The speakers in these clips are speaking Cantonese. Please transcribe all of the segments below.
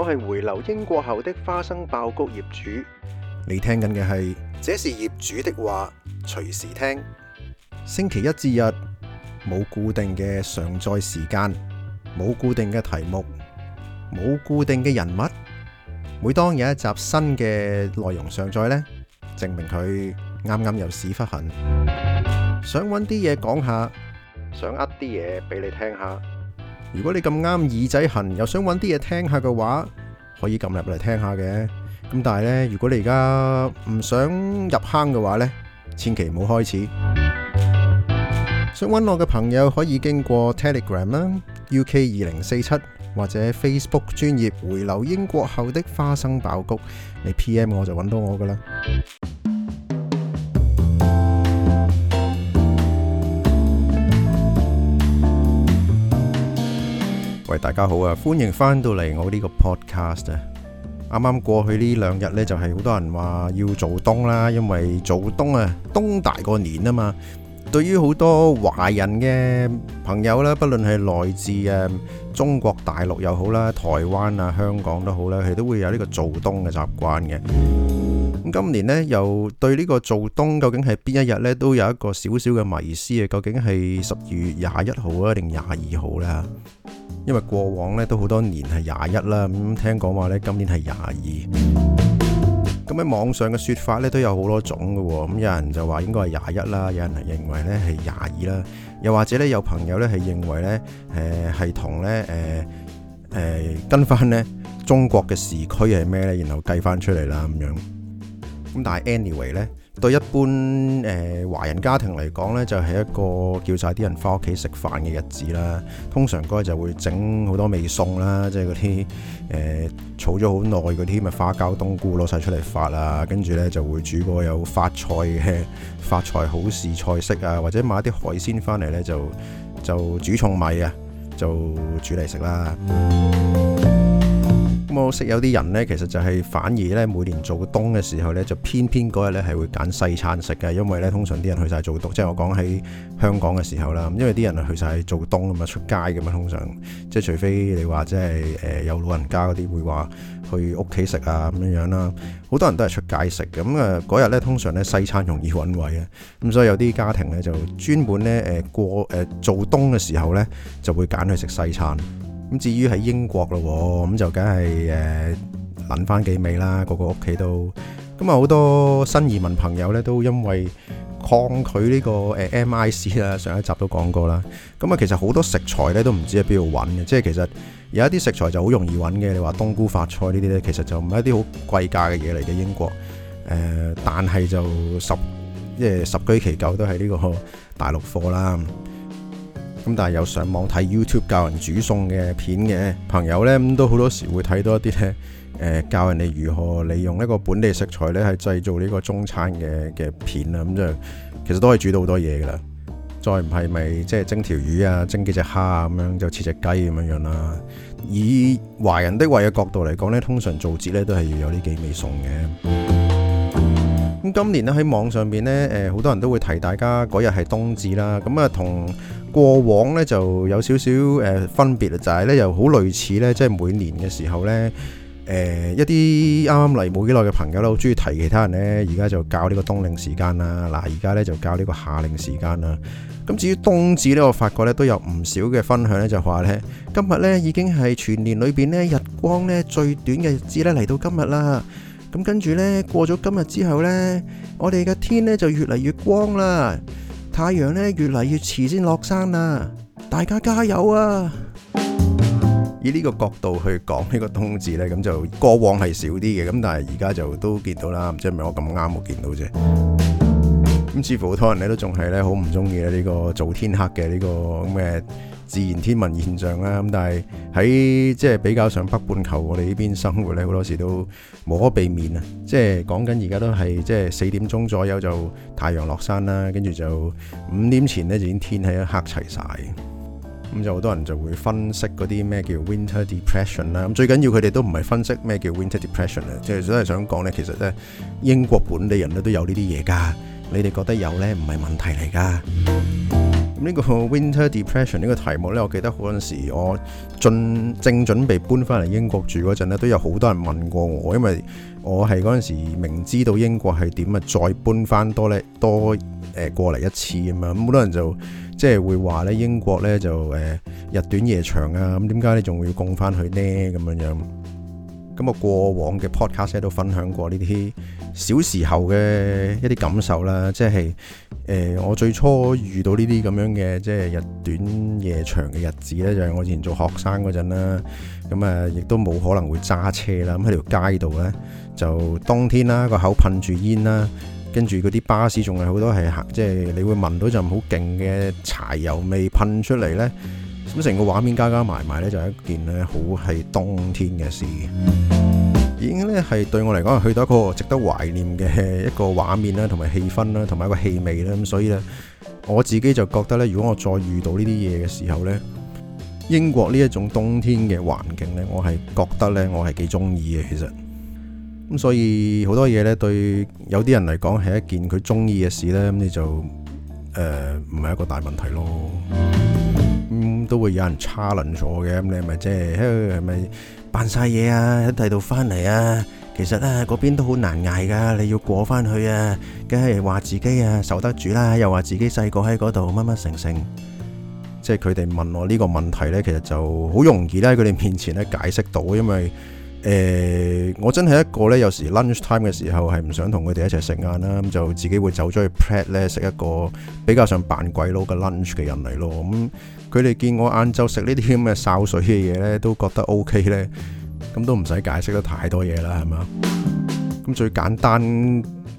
我係回流英國後的花生爆谷業主，你聽緊嘅係，這是業主的話，隨時聽。星期一至日冇固定嘅上載時間，冇固定嘅題目，冇固定嘅人物。每當有一集新嘅內容上載呢，證明佢啱啱有屎忽痕，想揾啲嘢講下，想呃啲嘢俾你聽下。如果你咁啱耳仔痕，又想揾啲嘢聽下嘅話，可以撳入嚟聽下嘅。咁但係呢，如果你而家唔想入坑嘅話呢，千祈唔好開始。想揾我嘅朋友可以經過 Telegram 啦，UK 二零四七或者 Facebook 專頁回流英國後的花生爆谷，你 PM 我就揾到我噶啦。喂，大家好啊！歡迎翻到嚟，我呢個 podcast 啊！啱啱過去呢兩日呢，就係、是、好多人話要做冬啦，因為做冬啊，冬大過年啊嘛。對於好多華人嘅朋友啦，不論係來自誒中國大陸又好啦，台灣啊、香港都好啦，佢都會有呢個做冬嘅習慣嘅。咁今年咧，又對呢個做冬究竟係邊一日咧，都有一個少少嘅迷思啊！究竟係十二月廿一號啊，定廿二號咧？因為過往咧都好多年係廿一啦，咁聽講話咧今年係廿二。咁喺網上嘅説法都有好多種嘅喎，咁有人就話應該係廿一啦，有人係認為咧係廿二啦，又或者有朋友咧係認為係同跟返中國嘅時區係咩咧，然後計返出嚟啦咁樣。咁但係 anyway 咧。對一般誒、呃、華人家庭嚟講呢就係、是、一個叫晒啲人返屋企食飯嘅日子啦。通常嗰日就會整好多味餸啦，即係嗰啲誒儲咗好耐嗰啲咪花膠、冬菇攞晒出嚟發啊，跟住呢就會煮個有發菜嘅發菜好事菜式啊，或者買啲海鮮返嚟呢，就就煮重米啊，就煮嚟食啦。嗯。咁我識有啲人呢，其實就係反而呢，每年做冬嘅時候呢，就偏偏嗰日呢係會揀西餐食嘅，因為呢通常啲人去晒做冬，即係我講喺香港嘅時候啦。咁因為啲人啊去晒做冬啊嘛，出街嘅嘛，通常即係除非你話即係誒有老人家嗰啲會話去屋企食啊咁樣樣啦。好多人都係出街食嘅。咁啊嗰日呢，通常呢西餐容易揾位啊。咁所以有啲家庭呢就專門呢誒過誒做冬嘅時候呢就會揀去食西餐。咁至於喺英國咯，咁就梗係誒撚翻幾味啦，呃、個個屋企都咁啊，好多新移民朋友咧都因為抗拒呢個誒 MIC 啦，上一集都講過啦。咁啊其實好多食材咧都唔知喺邊度揾嘅，即係其實有一啲食材就好容易揾嘅，你話冬菇發菜呢啲咧，其實就唔係一啲好貴價嘅嘢嚟嘅，英國誒、呃，但係就十即係十居其九都係呢個大陸貨啦。咁但係有上網睇 YouTube 教人煮餸嘅片嘅朋友呢，咁都好多時會睇到一啲呢，誒、呃、教人哋如何利用一個本地食材呢去製造呢個中餐嘅嘅片啦。咁就是、其實都係煮到好多嘢噶啦。再唔係咪即係蒸條魚啊，蒸幾隻蝦啊，咁樣就切隻雞咁樣樣啦。以華人的胃嘅角度嚟講呢，通常做節呢都係要有呢幾味餸嘅。咁今年咧喺網上面咧，誒好多人都會提大家嗰日係冬至啦。咁啊，同過往咧就有少少誒分別就係、是、咧又好類似咧，即係每年嘅時候咧，誒、呃、一啲啱啱嚟冇幾耐嘅朋友咧，好鍾意提其他人咧，而家就搞呢個冬令時間啦。嗱，而家咧就搞呢個夏令時間啦。咁至於冬至咧，我發覺咧都有唔少嘅分享咧，就話咧今日咧已經係全年裏邊咧日光咧最短嘅日子咧嚟到今日啦。咁跟住呢，過咗今日之後呢，我哋嘅天呢就越嚟越光啦，太陽呢越嚟越遲先落山啦，大家加油啊！以呢個角度去講呢，呢個冬至呢，咁就過往係少啲嘅，咁但係而家就都見到啦，唔知係咪我咁啱冇見到啫？咁似乎好多人呢都仲係呢，好唔中意呢個早天黑嘅呢個咩自然天文現象啦，咁但係喺即係比較上北半球，我哋呢邊生活咧，好多時都無可避免啊！即係講緊而家都係即係四點鐘左右就太陽落山啦，跟住就五點前咧就已經天氣一黑齊晒，咁就好多人就會分析嗰啲咩叫 winter depression 啦。咁最緊要佢哋都唔係分析咩叫 winter depression 啊，即係真係想講咧，其實咧英國本地人咧都有呢啲嘢噶，你哋覺得有咧唔係問題嚟噶。咁呢個 winter depression 呢個題目呢，我記得嗰陣時我準正準備搬翻嚟英國住嗰陣呢，都有好多人問過我，因為我係嗰陣時明知道英國係點啊，再搬翻多咧多誒、呃、過嚟一次咁樣，咁好多人就即係會話呢，英國呢就誒、呃、日短夜長啊，咁點解你仲會要供翻去呢？咁樣樣？咁啊，過往嘅 podcast 都分享過呢啲。小時候嘅一啲感受啦，即係誒、呃，我最初遇到呢啲咁樣嘅，即係日短夜長嘅日子呢。就係、是、我以前做學生嗰陣啦。咁啊，亦都冇可能會揸車啦。咁喺條街度呢，就冬天啦，個口噴住煙啦，跟住嗰啲巴士仲係好多係行，即係你會聞到陣好勁嘅柴油味噴出嚟呢。咁成個畫面加加埋埋呢，就係一件呢好係冬天嘅事。已經咧係對我嚟講係去到一個值得懷念嘅一個畫面啦，同埋氣氛啦，同埋一個氣味啦。咁所以咧，我自己就覺得咧，如果我再遇到呢啲嘢嘅時候咧，英國呢一種冬天嘅環境咧，我係覺得咧，我係幾中意嘅。其實咁所以好多嘢咧，對有啲人嚟講係一件佢中意嘅事咧，咁你就誒唔係一個大問題咯。咁、嗯、都會有人 challenge 我嘅，咁你咪即係係咪？是扮曬嘢啊！喺第度翻嚟啊！其實咧嗰邊都好難捱噶，你要過翻去啊，梗係話自己啊受得住啦，又話自己細個喺嗰度乜乜成成，即係佢哋問我呢個問題咧，其實就好容易咧喺佢哋面前咧解釋到，因為誒我真係一個咧有時 lunch time 嘅時候係唔想同佢哋一齊食晏啦，咁就自己會走咗去 plate 咧食一個比較想扮鬼佬嘅 lunch 嘅人嚟咯咁。佢哋見我晏晝食呢啲咁嘅潲水嘅嘢咧，都覺得 OK 咧，咁都唔使解釋得太多嘢啦，係嘛？咁最簡單，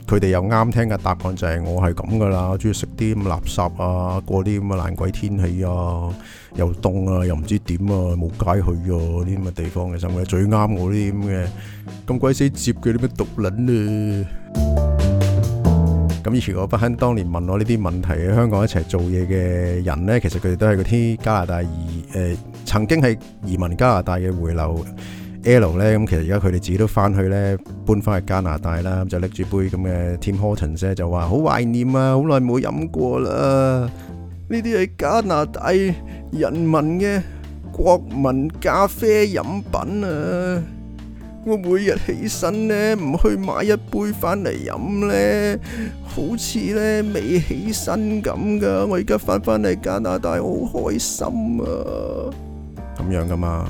佢哋又啱聽嘅答案就係我係咁噶啦，中意食啲咁垃圾啊，過啲咁嘅爛鬼天氣啊，又凍啊，又唔知點啊，冇街去啊，啲咁嘅地方其實最啱我啲咁嘅咁鬼死接嘅啲咩毒撚啊！咁以前我不響當年問我呢啲問題，喺香港一齊做嘢嘅人咧，其實佢哋都係嗰啲加拿大移誒，曾經係移民加拿大嘅回流 L 咧，咁其實而家佢哋自己都翻去咧，搬翻去加拿大啦，就拎住杯咁嘅 Tim Hortons 咧，就話好懷念啊，好耐冇飲過啦，呢啲係加拿大人民嘅國民咖啡飲品啊！我每日起身呢，唔去買一杯翻嚟飲呢，好似呢未起身咁噶。我而家翻返嚟加拿大，好開心啊！咁樣噶嘛？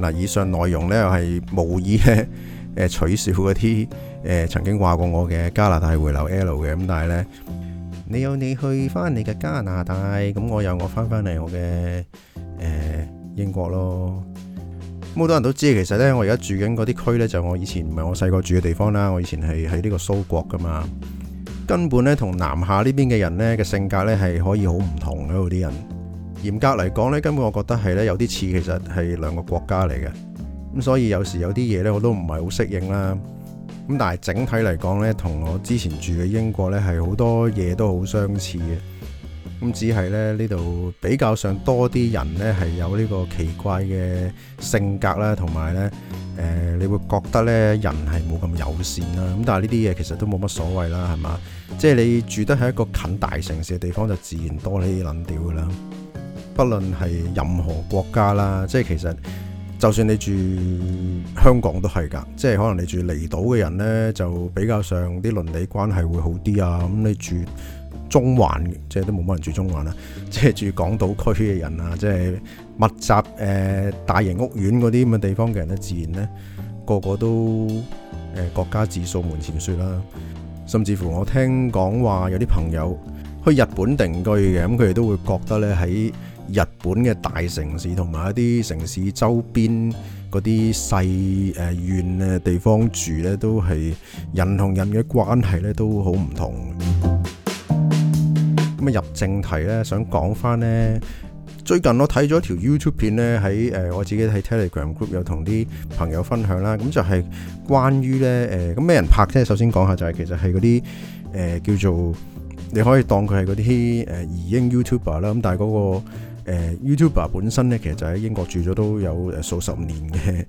嗱，以上內容呢，又係無意呢，誒取笑一啲誒、呃、曾經話過我嘅加拿大回流 L 嘅。咁但係呢， 你有你去翻你嘅加拿大，咁我有我翻返嚟我嘅誒、呃、英國咯。好多人都知，其實呢，我而家住緊嗰啲區呢，就我以前唔係我細個住嘅地方啦。我以前係喺呢個蘇國㗎嘛，根本呢，同南下呢邊嘅人呢嘅性格呢，係可以好唔同嘅。嗰啲人嚴格嚟講呢，根本我覺得係呢，有啲似其實係兩個國家嚟嘅。咁所以有時有啲嘢呢，我都唔係好適應啦。咁但係整體嚟講呢，同我之前住嘅英國呢，係好多嘢都好相似嘅。咁只係咧，呢度比較上多啲人呢，係有呢個奇怪嘅性格啦，同埋呢，誒、呃，你會覺得呢，人係冇咁友善啦。咁但係呢啲嘢其實都冇乜所謂啦，係嘛？即係你住得喺一個近大城市嘅地方，就自然多呢啲諗屌㗎啦。不論係任何國家啦，即係其實。就算你住香港都係㗎，即係可能你住離島嘅人呢，就比較上啲鄰里關係會好啲啊。咁你住中環，即係都冇乜人住中環啦、啊。即係住港島區嘅人啊，即係密集誒、呃、大型屋苑嗰啲咁嘅地方嘅人呢，自然呢個個都誒、呃、國家自掃門前雪啦、啊。甚至乎我聽講話有啲朋友去日本定居嘅，咁佢哋都會覺得呢喺日本嘅大城市同埋一啲城市周邊嗰啲細誒遠嘅地方住咧，都係人同人嘅關係咧，都好唔同。咁啊，入正題咧，想講翻咧，最近我睇咗條 YouTube 片咧，喺誒我自己喺 Telegram Group 有同啲朋友分享啦。咁就係關於咧誒咁咩人拍啫？首先講下就係其實係嗰啲誒叫做你可以當佢係嗰啲誒移英 YouTuber 啦。咁但係嗰個誒 YouTuber 本身咧，其實就喺英國住咗都有誒數十年嘅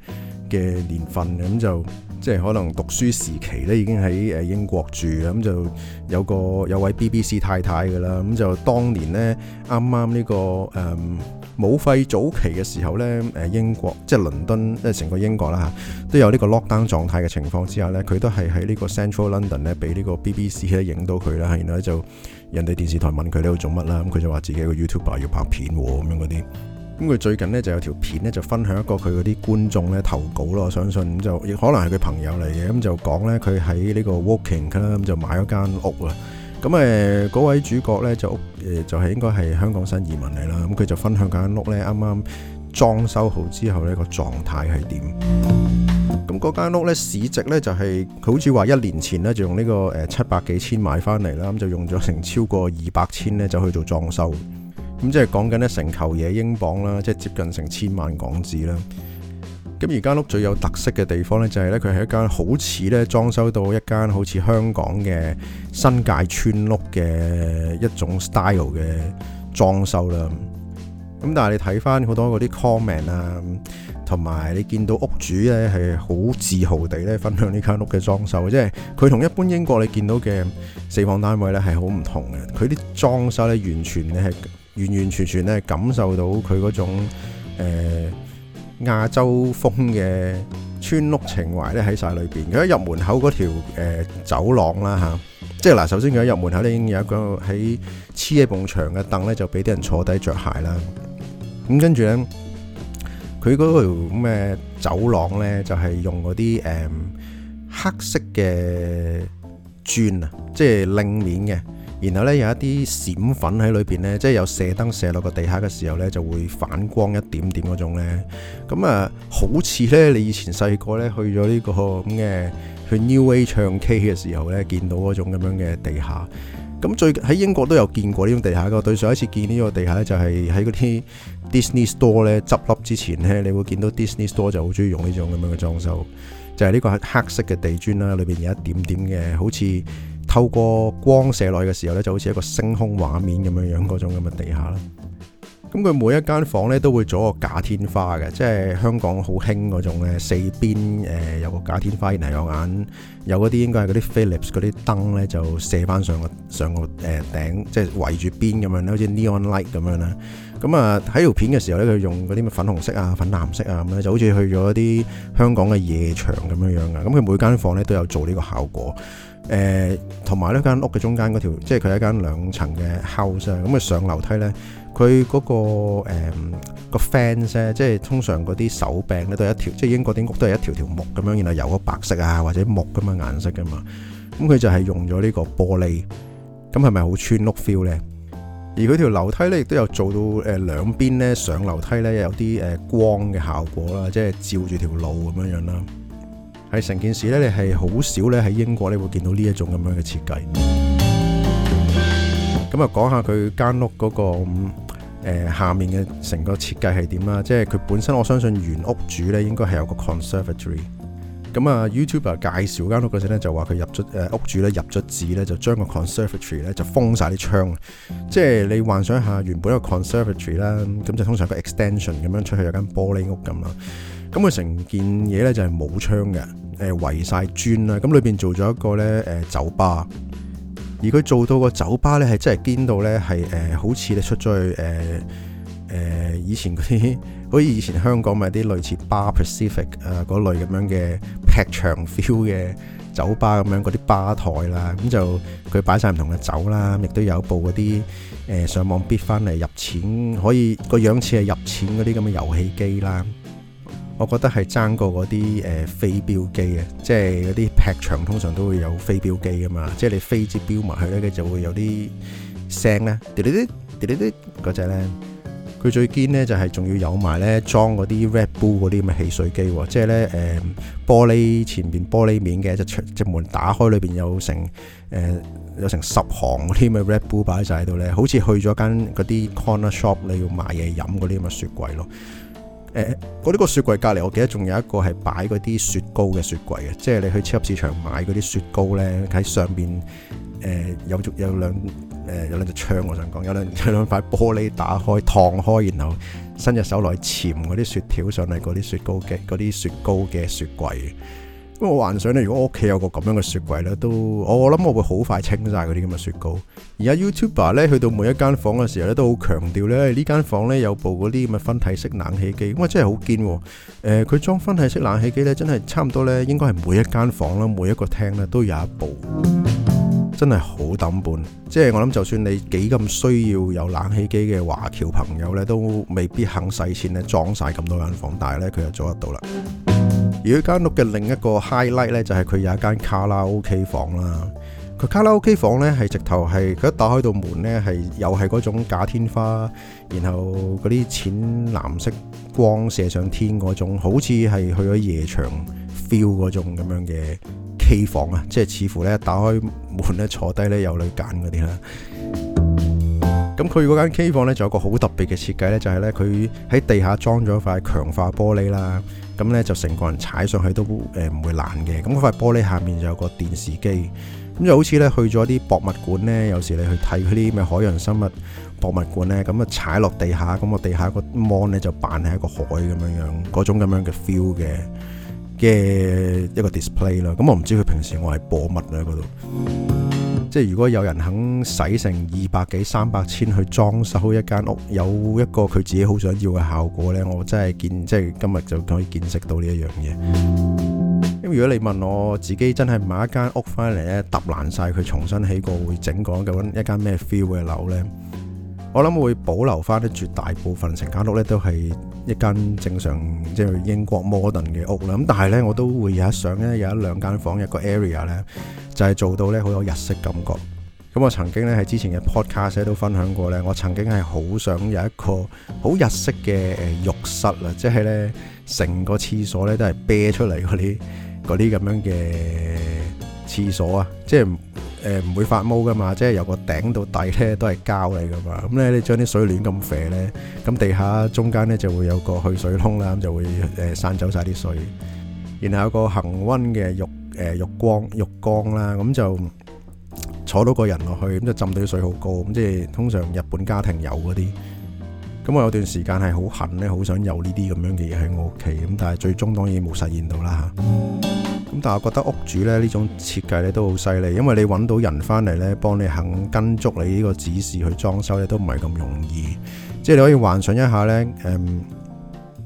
嘅年份，咁就即係可能讀書時期咧已經喺誒英國住，咁就有個有位 BBC 太太嘅啦，咁就當年咧啱啱呢啱啱、呢個誒。嗯武肺早期嘅時候咧，誒英國即係倫敦，即係成個英國啦嚇，都有呢個 lockdown 狀態嘅情況之下咧，佢都係喺呢個 Central London 咧，俾呢個 BBC 咧影到佢啦，然後咧就人哋電視台問佢喺度做乜啦，咁佢就話自己個 YouTuber 要拍片喎、哦、咁樣嗰啲。咁佢最近咧就有條片咧就分享一個佢嗰啲觀眾咧投稿咯，我相信咁就亦可能係佢朋友嚟嘅，咁就講咧佢喺呢個 Walking 啦，咁就買咗間屋啦。咁誒嗰位主角呢就誒就係應該係香港新移民嚟啦，咁、嗯、佢就分享間屋呢，啱啱裝修好之後呢個狀態係點？咁嗰間屋呢市值呢，就係、是、佢好似話一年前呢，就用呢個誒七百幾千買翻嚟啦，咁、嗯、就用咗成超過二百千呢，就去做裝修，咁、嗯、即係講緊呢成球嘢英鎊啦，即係接近成千萬港紙啦。咁而間屋最有特色嘅地方呢，就係呢，佢係一間好似呢裝修到一間好似香港嘅新界村屋嘅一種 style 嘅裝修啦。咁但係你睇返好多嗰啲 comment 啊，同埋你見到屋主呢，係好自豪地呢分享呢間屋嘅裝修，即係佢同一般英國你見到嘅四房單位呢，係好唔同嘅。佢啲裝修呢，完全呢係完完全全呢，感受到佢嗰種、呃亞洲風嘅村屋情懷咧，喺晒裏邊，佢一入門口嗰條、呃、走廊啦嚇、啊，即係嗱，首先佢一入門口咧已經有一個喺黐喺埲牆嘅凳咧，就俾啲人坐低着鞋啦。咁跟住咧，佢嗰條咩走廊咧，就係用嗰啲誒黑色嘅磚啊，即係靚面嘅。然後咧有一啲閃粉喺裏邊咧，即係有射燈射落個地下嘅時候咧，就會反光一點點嗰種咧。咁、嗯、啊，好似咧你以前細個咧去咗呢個咁嘅去 Neway 唱 K 嘅時候咧、這個，見到嗰種咁樣嘅地下。咁最近喺英國都有見過呢種地下嘅。對上一次見呢個地下咧，就係喺嗰啲 Disney Store 咧執笠之前咧，你會見到 Disney Store 就好中意用呢種咁樣嘅裝修，就係、是、呢個黑色嘅地磚啦，裏邊有一點點嘅好似。透過光射落去嘅時候咧，就好似一個星空畫面咁樣樣嗰種咁嘅地下啦。咁佢每一間房咧都會做一個假天花嘅，即係香港好興嗰種嘅四邊誒有個假天花，然後有眼有嗰啲應該係嗰啲 Philips 嗰啲燈咧就射翻上個上個誒頂，即係圍住邊咁樣好似 neon light 咁樣啦。咁啊喺條片嘅時候咧，佢用嗰啲咩粉紅色啊、粉藍色啊咁咧，就好似去咗一啲香港嘅夜場咁樣樣嘅。咁佢每間房咧都有做呢個效果。誒，同埋呢間屋嘅中間嗰條，即係佢係一間兩層嘅 house，咁佢上樓梯咧，佢嗰個誒個 fans，即係通常嗰啲手柄咧都係一條，即係英國啲屋都係一條條木咁樣，然後油咗白色啊或者木咁嘅顏色噶嘛，咁佢就係用咗呢個玻璃，咁係咪好村屋 feel 咧？而佢條樓梯咧亦都有做到誒兩邊咧上樓梯咧有啲誒光嘅效果啦，即係照住條路咁樣樣啦。係成件事咧，你係好少咧喺英國你會見到呢一種咁樣嘅設計就、那個。咁、呃、啊，講下佢間屋嗰個下面嘅成個設計係點啦。即係佢本身，我相信原屋主咧應該係有個 conservatory。咁啊，YouTuber 介紹間屋嗰陣咧就話佢入咗誒、呃、屋主咧入咗紙咧就將個 conservatory 咧就封晒啲窗。即係你幻想一下，原本個 conservatory 啦，咁就通常個 extension 咁樣出去有間玻璃屋咁啦。咁佢成件嘢咧就係冇窗嘅。誒圍晒磚啦，咁裏邊做咗一個咧誒、呃、酒吧，而佢做到個酒吧咧係真係堅到咧係誒好似你出咗去誒誒、呃呃、以前嗰啲好似以前香港咪啲類似 Bar Pacific 啊、呃、嗰類咁樣嘅劈牆 feel 嘅酒吧咁樣嗰啲吧台啦，咁就佢擺晒唔同嘅酒啦，亦都有部嗰啲誒上網 bit 翻嚟入錢，可以個樣似係入錢嗰啲咁嘅遊戲機啦。我覺得係爭過嗰啲誒飛鏢機啊，即係嗰啲劈牆通常都會有飛鏢機噶嘛，即係你飛支鏢埋去咧，佢就會有啲聲咧，滴哩滴滴哩滴嗰隻咧。佢、那個、最堅咧就係仲要有埋咧裝嗰啲 Red Bull 嗰啲咁嘅汽水機喎，即係咧誒玻璃前邊玻璃面嘅一隻隻門打開裏邊有成誒、呃、有成十行嗰啲咁嘅 Red Bull 擺曬喺度咧，好似去咗間嗰啲 corner shop 你要買嘢飲嗰啲咁嘅雪櫃咯。誒，嗰啲、欸那個雪櫃隔離，我記得仲有一個係擺嗰啲雪糕嘅雪櫃嘅，即係你去超級市場買嗰啲雪糕咧，喺上邊誒、呃、有足有兩誒、呃、有兩隻窗，我想講有兩有兩塊玻璃打開燙開，然後伸隻手落去潛嗰啲雪條上嚟嗰啲雪糕嘅嗰啲雪糕嘅雪櫃。咁我幻想咧，如果我屋企有個咁樣嘅雪櫃咧，都我我諗我會好快清晒嗰啲咁嘅雪糕。而家 YouTuber 咧去到每一間房嘅時候咧，都好強調咧呢間房咧有部嗰啲咁嘅分體式冷氣機，哇真係好堅喎。呃，佢裝分體式冷氣機咧，真係差唔多咧，應該係每一間房啦，每一個廳咧都有一部， 真係好抌本。即係我諗，就算你幾咁需要有冷氣機嘅華僑朋友咧，都未必肯使錢咧裝晒咁多間房，但係咧佢又做得到啦。而呢間屋嘅另一個 highlight 咧，就係佢有一間卡拉 OK 房啦。佢卡拉 OK 房咧，係直頭係佢一打開到門咧，係又係嗰種假天花，然後嗰啲淺藍色光射上天嗰種，好似係去咗夜場 feel 嗰種咁樣嘅 K 房啊。即係似乎咧，打開門咧，坐低咧有女揀嗰啲啦。咁佢嗰間 K 房咧，就有一個好特別嘅設計咧，就係咧，佢喺地下裝咗塊強化玻璃啦。咁咧就成個人踩上去都誒唔會爛嘅。咁嗰塊玻璃下面就有個電視機，咁就好似咧去咗啲博物館咧，有時你去睇佢啲咩海洋生物博物館咧，咁啊踩落地下，咁個地下個 mon 咧就扮係一個海咁樣樣，嗰種咁樣嘅 feel 嘅嘅一個 display 咯。咁我唔知佢平時係播乜咧嗰度。即係如果有人肯使成二百幾三百千去裝修一間屋，有一個佢自己好想要嘅效果咧，我真係見即係今日就可以見識到呢一樣嘢。咁如果你問我自己，真係買一間屋翻嚟咧，揼爛晒佢重新起過，會整過一間一間咩 feel 嘅樓咧？我諗會保留翻啲絕大部分成間屋咧，都係一間正常即係英國 modern 嘅屋啦。咁但係咧，我都會有一上咧有一兩間房一個 area 咧。就係做到咧，好有日式感覺。咁我曾經咧喺之前嘅 podcast 都分享過咧，我曾經係好想有一個好日式嘅誒浴室啊，即係咧成個廁所咧都係啤出嚟嗰啲嗰啲咁樣嘅廁所啊，即係誒唔會發毛噶嘛，即係由個頂到底咧都係膠嚟噶嘛。咁咧你將啲水亂咁瀉咧，咁地下中間咧就會有個去水窿啦，咁就會誒散走晒啲水，然後有個恆溫嘅浴。誒浴缸、浴缸啦，咁就坐到個人落去，咁就浸到啲水好高，咁即係通常日本家庭有嗰啲。咁我有段時間係好恨咧，好想有呢啲咁樣嘅嘢喺我屋企，咁但係最終當然冇實現到啦嚇。咁但係我覺得屋主咧呢種設計咧都好犀利，因為你揾到人返嚟咧幫你肯跟足你呢個指示去裝修咧都唔係咁容易。即係你可以幻想一下咧，嗯。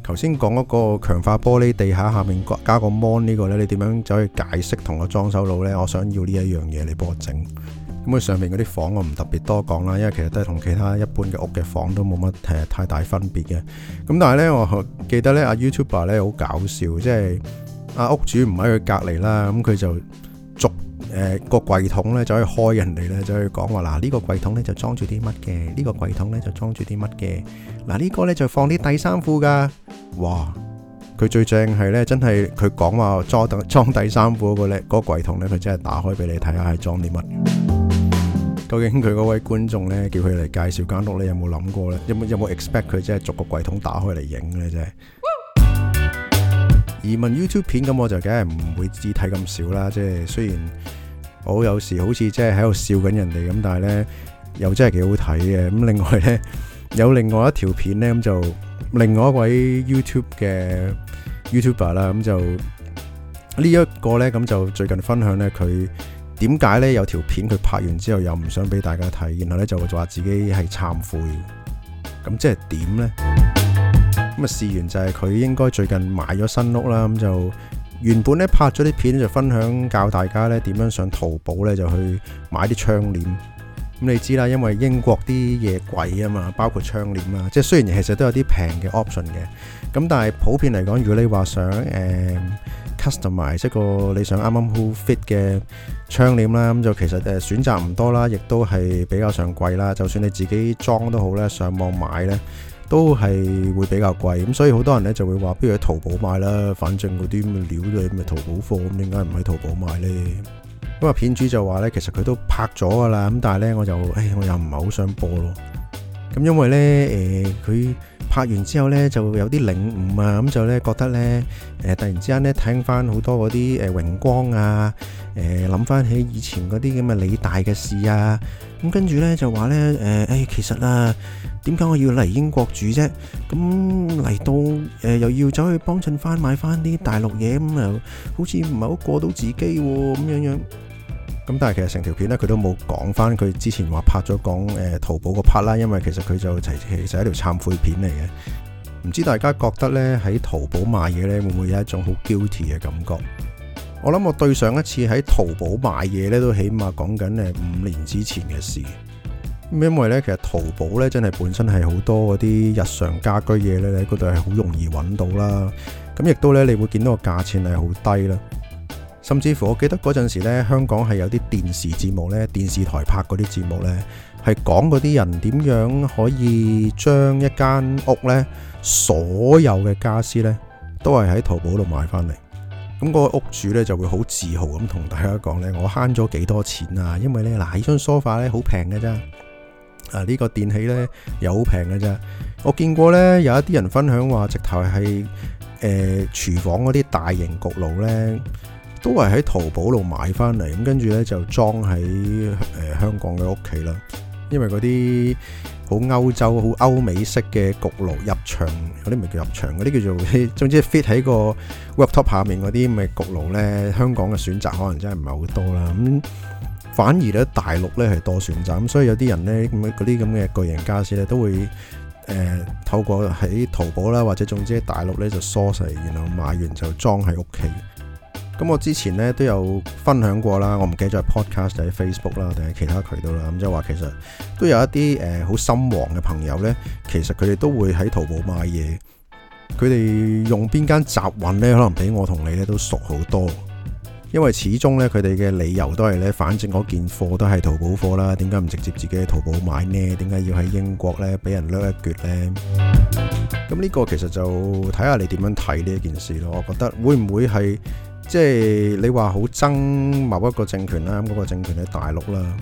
頭先講嗰個強化玻璃，地下下面加加個 Mon 呢個咧，你點樣走去解釋同個裝修佬呢？我想要呢一樣嘢，你幫我整。咁佢上面嗰啲房我唔特別多講啦，因為其實都係同其他一般嘅屋嘅房都冇乜太大分別嘅。咁但係呢，我記得呢阿 YouTuber 呢好搞笑，即係阿屋主唔喺佢隔籬啦，咁佢就捉。誒，個櫃桶咧就可以開人哋咧，就可以講話。嗱，呢個櫃桶咧就裝住啲乜嘅，呢個櫃桶咧就裝住啲乜嘅。嗱，呢個咧就放啲底衫褲噶，哇！佢最正係咧，真係佢講話裝底裝底衫褲嗰個咧，嗰個櫃桶咧，佢真係打開俾你睇下係裝啲乜。究竟佢嗰位觀眾咧叫佢嚟介紹間屋，你有冇諗過咧？有冇有冇 expect 佢真係逐個櫃桶打開嚟影咧？啫。移民 YouTube 片咁，我就梗係唔會只睇咁少啦。即係雖然。我、oh, 有時好似即係喺度笑緊人哋咁，但係呢又真係幾好睇嘅。咁另外呢，有另外一條片呢，咁就另外一位 YouTube 嘅 YouTuber 啦，咁就呢一個呢，咁就最近分享呢，佢點解呢？有條片佢拍完之後又唔想俾大家睇，然後呢就會話自己係懺悔。咁即係點呢？咁啊試完就係佢應該最近買咗新屋啦，咁就。原本咧拍咗啲片就分享教大家咧點樣上淘寶咧就去買啲窗簾。咁你知啦，因為英國啲嘢貴啊嘛，包括窗簾啊，即係雖然其實都有啲平嘅 option 嘅。咁但係普遍嚟講，如果你話想誒、呃、customise 一個你想啱啱好 fit 嘅窗簾啦，咁就其實誒選擇唔多啦，亦都係比較上貴啦。就算你自己裝都好啦，上網買咧。都係會比較貴，咁所以好多人咧就會話，不如喺淘寶買啦，反正嗰啲料都係咁嘅淘寶貨，咁點解唔喺淘寶買咧？咁啊，片主就話咧，其實佢都拍咗㗎喇，咁但係咧，我就誒，我又唔係好想播咯。咁因為咧，誒，佢拍完之後咧，就有啲領悟啊，咁就咧覺得咧，誒，突然之間咧，聽翻好多嗰啲誒榮光啊，誒，諗翻起以前嗰啲咁嘅理大嘅事啊，咁跟住咧就話咧，誒，誒，其實啊。點解我要嚟英國住啫？咁嚟到誒又要走去幫襯翻買翻啲大陸嘢，咁又好似唔係好過到自己咁樣樣。咁但係其實成條片咧，佢都冇講翻佢之前話拍咗講誒淘寶個 part 啦，因為其實佢就其其實係一條懺悔片嚟嘅。唔知大家覺得咧，喺淘寶買嘢咧，會唔會有一種好 guilty 嘅感覺？我諗我對上一次喺淘寶買嘢咧，都起碼講緊誒五年之前嘅事。因為咧，其實淘寶咧，真係本身係好多嗰啲日常家居嘢咧，你喺嗰度係好容易揾到啦。咁亦都咧，你會見到個價錢係好低啦。甚至乎，我記得嗰陣時咧，香港係有啲電視節目咧，電視台拍嗰啲節目咧，係講嗰啲人點樣可以將一間屋咧，所有嘅家私咧，都係喺淘寶度買翻嚟。咁個屋主咧就會好自豪咁同大家講咧，我慳咗幾多錢啊！因為咧，嗱，呢張梳化咧好平嘅咋。啊！呢個電器呢又好平嘅啫，我見過呢，有一啲人分享話，直頭係誒廚房嗰啲大型焗爐呢，都係喺淘寶度買翻嚟，咁跟住呢，就裝喺誒、呃、香港嘅屋企啦。因為嗰啲好歐洲、好歐美式嘅焗爐入場，嗰啲唔叫入場，嗰啲叫做總之 fit 喺個 worktop 下面嗰啲咪焗爐呢，香港嘅選擇可能真係唔係好多啦咁。反而咧大陸咧係多選擇，咁所以有啲人咧咁嗰啲咁嘅巨型家私咧都會誒、呃、透過喺淘寶啦，或者總之喺大陸咧就縮細，然後買完就裝喺屋企。咁我之前咧都有分享過啦，我唔記得 podcast, 在 podcast 定喺 Facebook 啦，定係其他渠道啦。咁即係話其實都有一啲誒好深黃嘅朋友咧，其實佢哋都會喺淘寶買嘢，佢哋用邊間集運咧，可能比我同你咧都熟好多。因為始終呢，佢哋嘅理由都係呢：反正嗰件貨都係淘寶貨啦，點解唔直接自己喺淘寶買呢？點解要喺英國呢？俾人掠一撅呢？咁呢個其實就睇下你點樣睇呢件事咯。我覺得會唔會係即係你話好憎某一個政權啦，咁、那、嗰個政權喺大陸啦，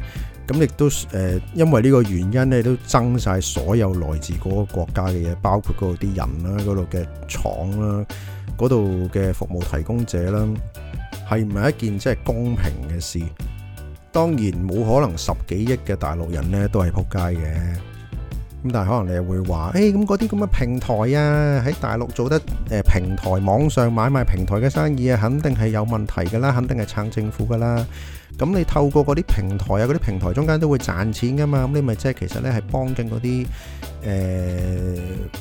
咁亦都誒、呃，因為呢個原因呢，都憎晒所有來自嗰個國家嘅嘢，包括嗰度啲人啦，嗰度嘅廠啦，嗰度嘅服務提供者啦。係唔係一件即係公平嘅事？當然冇可能十幾億嘅大陸人呢都係撲街嘅。咁但係可能你會話：誒咁嗰啲咁嘅平台啊，喺大陸做得誒、呃、平台網上買賣平台嘅生意啊，肯定係有問題㗎啦，肯定係撐政府㗎啦。咁你透過嗰啲平台啊，嗰啲平台中間都會賺錢㗎嘛。咁你咪即係其實呢係幫緊嗰啲誒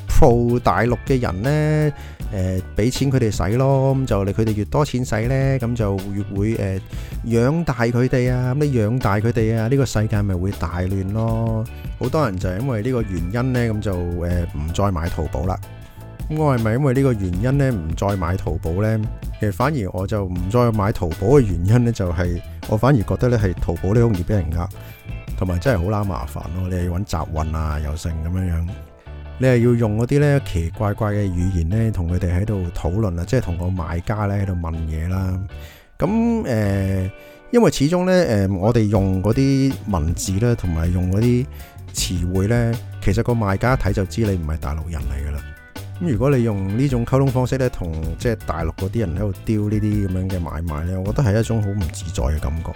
Pro 大陸嘅人呢。誒俾錢佢哋使咯，咁就令佢哋越多錢使咧，咁就越會誒養大佢哋啊！咁你養大佢哋啊，呢個世界咪會大亂咯？好多人就係因為呢個原因咧，咁就誒唔再買淘寶啦。咁我係咪因為呢個原因咧唔再買淘寶咧？其實反而我就唔再買淘寶嘅原因咧，就係我反而覺得咧係淘寶咧容易俾人呃，同埋真係好撚麻煩咯。你又要揾集運啊，又剩咁樣樣。你係要用嗰啲咧奇奇怪怪嘅語言咧，同佢哋喺度討論啊，即係同個買家咧喺度問嘢啦。咁誒、呃，因為始終咧誒、呃，我哋用嗰啲文字咧，同埋用嗰啲詞彙咧，其實個買家一睇就知你唔係大陸人嚟噶啦。咁如果你用呢種溝通方式咧，同即係大陸嗰啲人喺度丟呢啲咁樣嘅買賣咧，我覺得係一種好唔自在嘅感覺。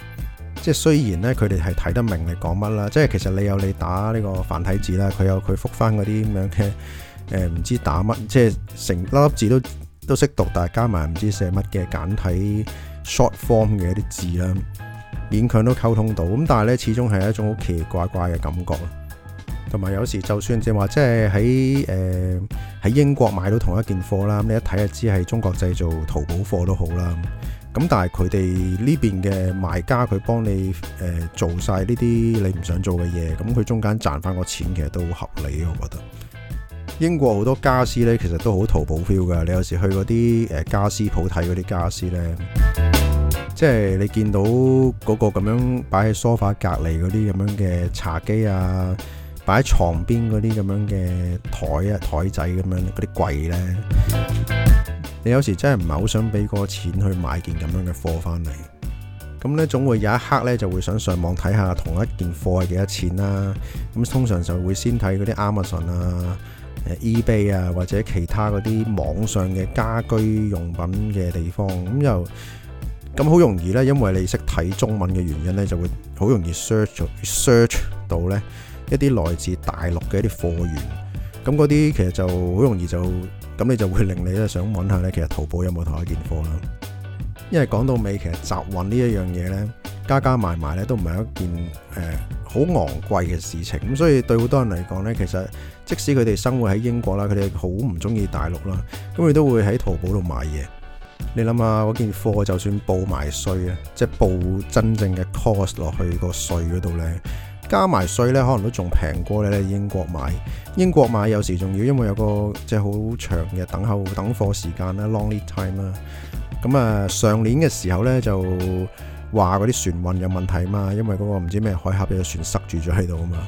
即係雖然咧，佢哋係睇得明你講乜啦。即係其實你有你打呢個繁體字啦，佢有佢覆返嗰啲咁樣嘅誒，唔知打乜，即係成粒粒字都都識讀，但係加埋唔知寫乜嘅簡體 short form 嘅一啲字啦，勉強都溝通到。咁但係咧，始終係一種好奇怪怪嘅感覺。同埋有時就算即係話，即係喺誒喺英國買到同一件貨啦，咁你一睇就知係中國製造，淘寶貨都好啦。咁但係佢哋呢邊嘅賣家幫，佢、呃、幫你誒做晒呢啲你唔想做嘅嘢，咁佢中間賺翻個錢，其實都好合理，我覺得。英國好多家私呢，其實都好淘寶 feel 噶。你有時去嗰啲誒家私鋪睇嗰啲家私呢，即係你見到嗰個咁樣擺喺梳化隔籬嗰啲咁樣嘅茶几啊，擺喺床邊嗰啲咁樣嘅台啊台仔咁樣嗰啲櫃呢。你有時真係唔係好想俾嗰個錢去買件咁樣嘅貨翻嚟，咁呢，總會有一刻呢，就會想上網睇下同一件貨係幾多錢啦。咁通常就會先睇嗰啲 Amazon 啊、eBay 啊或者其他嗰啲網上嘅家居用品嘅地方。咁又咁好容易呢，因為你識睇中文嘅原因呢，就會好容易 search search 到呢一啲來自大陸嘅一啲貨源。咁嗰啲其實就好容易就～咁你就會令你咧想揾下咧，其實淘寶有冇同一件貨啦？因為講到尾，其實集運呢一樣嘢呢，加加埋埋呢都唔係一件誒好、呃、昂貴嘅事情。咁所以對好多人嚟講呢，其實即使佢哋生活喺英國啦，佢哋好唔中意大陸啦，咁佢都會喺淘寶度買嘢。你諗下嗰件貨，就算報埋稅呀，即係報真正嘅 cost 落去個稅嗰度呢。加埋稅咧，可能都仲平過你喺英國買，英國買有時仲要，因為有個即係好長嘅等候等貨時間啦，long lead time 啦。咁啊，上年嘅時候呢，就話嗰啲船運有問題嘛，因為嗰個唔知咩海峽有隻船塞住咗喺度啊嘛。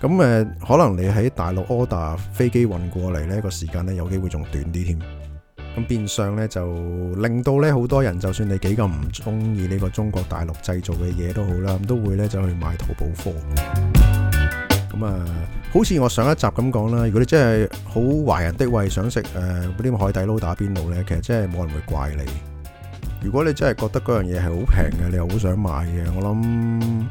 咁誒、呃，可能你喺大陸 order 飛機運過嚟呢、個時間呢，有機會仲短啲添。咁變相咧就令到咧好多人，就算你幾咁唔中意呢個中國大陸製造嘅嘢都好啦，都會咧就去買淘寶貨。咁啊，好似我上一集咁講啦，如果你真係好懷仁的胃想食誒嗰啲海底撈打邊爐呢，其實真係冇人會怪你。如果你真係覺得嗰樣嘢係好平嘅，你又好想買嘅，我諗。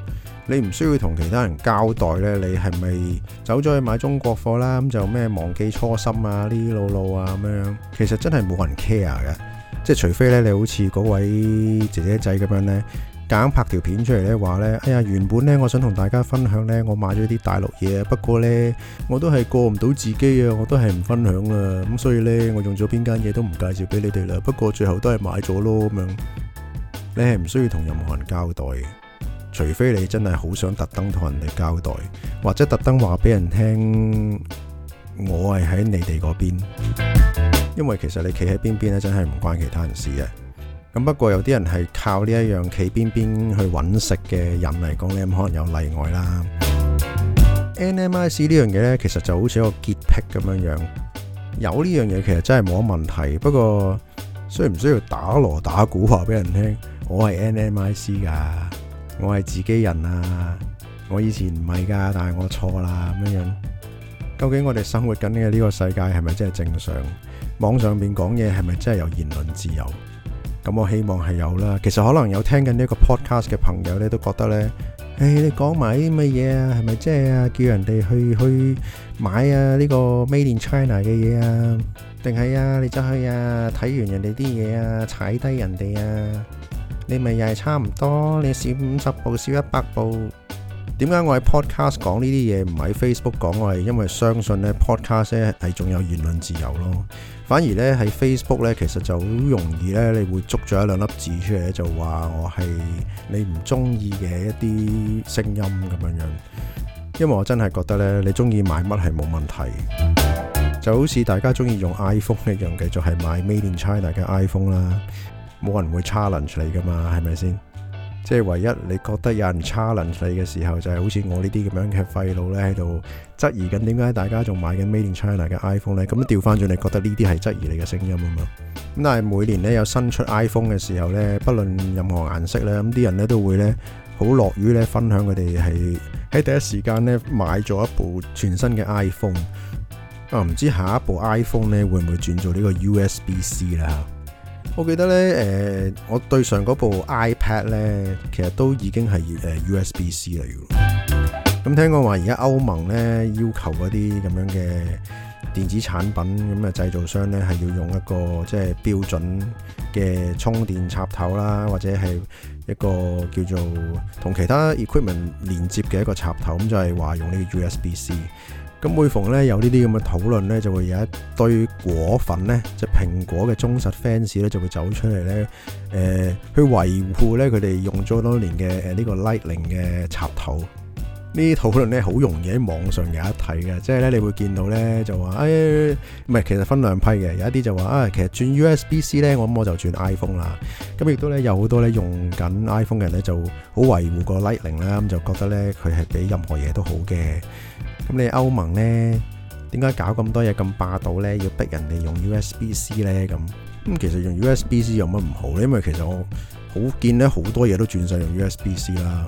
你唔需要同其他人交代咧，你係咪走咗去買中國貨啦？咁就咩忘記初心啊？呢啲路路啊咁樣，其實真係冇人 care 嘅。即係除非咧，你好似嗰位姐姐仔咁樣呢，夾硬拍條片出嚟呢話呢：「哎呀原本呢我想同大家分享呢，我買咗啲大陸嘢，不過呢我都係過唔到自己啊，我都係唔分享啊。」咁所以呢，我用咗邊間嘢都唔介紹俾你哋啦。不過最後都係買咗咯咁樣，你係唔需要同任何人交代嘅。除非你真係好想特登同人哋交代，或者特登話俾人聽，我係喺你哋嗰邊，因為其實你企喺邊邊咧，真係唔關其他人事嘅。咁不過有啲人係靠呢一樣企邊邊去揾食嘅人嚟講，咁可能有例外啦。NMIC 呢樣嘢咧，其實就好似一個潔癖咁樣樣。有呢樣嘢其實真係冇乜問題，不過需唔需要打鑼打鼓話俾人聽，我係 NMIC 噶？我係自己人啊！我以前唔係噶，但係我錯啦咁樣。究竟我哋生活緊嘅呢個世界係咪真係正常？網上面講嘢係咪真係有言論自由？咁我希望係有啦。其實可能有聽緊呢個 podcast 嘅朋友呢，都覺得呢：哎「誒，你講埋啲乜嘢啊？係咪即係啊？叫人哋去去買啊？呢個 made in China 嘅嘢啊？定係啊？你走去啊？睇完人哋啲嘢啊？踩低人哋啊？你咪又係差唔多，你少五十步少一百步。點解我喺 Podcast 講呢啲嘢，唔喺 Facebook 講？我係因為相信咧 Podcast 係仲有言論自由咯。反而咧喺 Facebook 咧，其實就好容易咧，你會捉咗一兩粒字出嚟，就話我係你唔中意嘅一啲聲音咁樣樣。因為我真係覺得咧，你中意買乜係冇問題。就好似大家中意用 iPhone 一樣，繼續係買 Made in China 嘅 iPhone 啦。冇人會 challenge 你㗎嘛，係咪先？即係唯一你覺得有人 challenge 你嘅時候，就係好似我呢啲咁樣嘅廢佬呢。喺度質疑緊，點解大家仲買緊 Made in China 嘅 iPhone 呢？咁調返轉，你覺得呢啲係質疑你嘅聲音啊嘛？咁但係每年呢，有新出 iPhone 嘅時候呢，不論任何顏色呢，咁啲人呢都會呢，好樂於呢，分享佢哋係喺第一時間呢買咗一部全新嘅 iPhone。啊，唔知下一部 iPhone 呢會唔會轉做呢個 USB-C 啦？我記得咧，誒、呃，我對上嗰部 iPad 咧，其實都已經係誒 USB-C 嚟嘅。咁聽講話而家歐盟咧要求嗰啲咁樣嘅電子產品，咁啊製造商咧係要用一個即係標準嘅充電插頭啦，或者係一個叫做同其他 equipment 連接嘅一個插頭，咁就係話用呢個 USB-C。咁每逢咧有呢啲咁嘅討論咧，就會有一堆果粉咧，即係蘋果嘅忠實 fans 咧，就會走出嚟咧，誒、呃、去維護咧佢哋用咗多年嘅誒呢個 Lightning 嘅插頭。呢啲討論咧好容易喺網上有一睇嘅，即係咧你會見到咧就話，誒唔係其實分兩批嘅，有一啲就話啊，其實轉 USB-C 咧，我諗我就轉 iPhone 啦。咁亦都咧有好多咧用緊 iPhone 嘅人咧就好維護個 Lightning 啦，咁就覺得咧佢係比任何嘢都好嘅。咁你歐盟呢？點解搞咁多嘢咁霸道呢？要逼人哋用 USB-C 呢？咁？咁其實用 USB-C 有乜唔好呢？因為其實我好見咧好多嘢都轉曬用 USB-C 啦。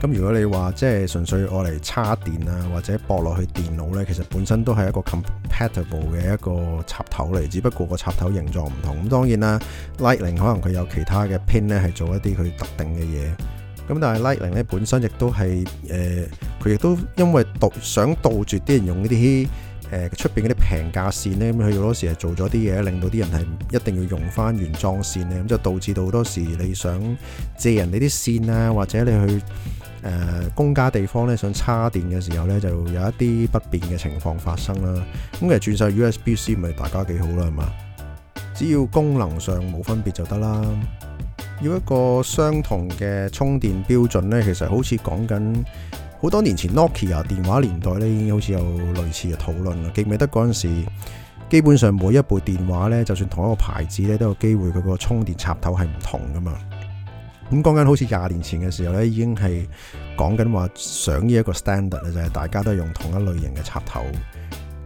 咁如果你話即係純粹我嚟插電啊，或者駁落去電腦呢，其實本身都係一個 compatible 嘅一個插頭嚟，只不過個插頭形狀唔同。咁當然啦，Lightning 可能佢有其他嘅 pin 呢，係做一啲佢特定嘅嘢。咁但係 Lightning 咧本身亦都係誒。呃佢亦都因為杜想杜絕啲人用嗰啲誒，出邊嗰啲平價線呢，咁佢好多時係做咗啲嘢，令到啲人係一定要用翻原裝線呢咁、嗯、就導致到好多時你想借人哋啲線啊，或者你去誒、呃、公家地方咧想叉電嘅時候呢，就有一啲不便嘅情況發生啦。咁、嗯、其實轉晒 USB-C 咪大家幾好啦，係嘛？只要功能上冇分別就得啦。要一個相同嘅充電標準呢，其實好似講緊。好多年前 Nokia 電話年代咧，已經好似有類似嘅討論啦。記唔記得嗰陣時，基本上每一部電話咧，就算同一個牌子咧，都有機會佢個充電插頭係唔同噶嘛。咁講緊好似廿年前嘅時候咧，已經係講緊話想呢一個 standard 啊，就係大家都係用同一類型嘅插頭。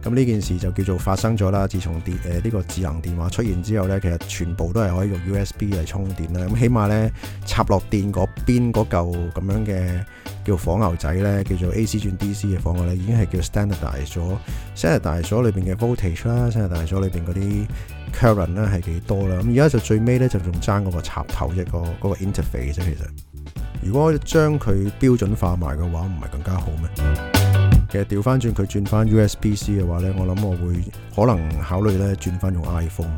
咁呢件事就叫做發生咗啦。自從電誒呢、呃呢個智能電話出現之後咧，其實全部都係可以用 USB 嚟充電啦。咁、嗯、起碼咧，插落電嗰邊嗰嚿咁樣嘅。叫火牛仔咧，叫做 A C 轉 D C 嘅火牛咧，已經係叫 standardize 咗 standardize 咗裏邊嘅 voltage，啦 standardize 咗裏邊嗰啲 current 啦，係幾多啦？咁而家就最尾咧，就仲爭嗰個插頭一個嗰個 interface 啫。其實，如果我將佢標準化埋嘅話，唔係更加好咩？其實調翻轉佢轉翻 U S B C 嘅話咧，我諗我會可能考慮咧轉翻用 iPhone。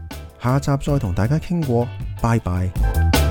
下一集再同大家傾過，拜拜。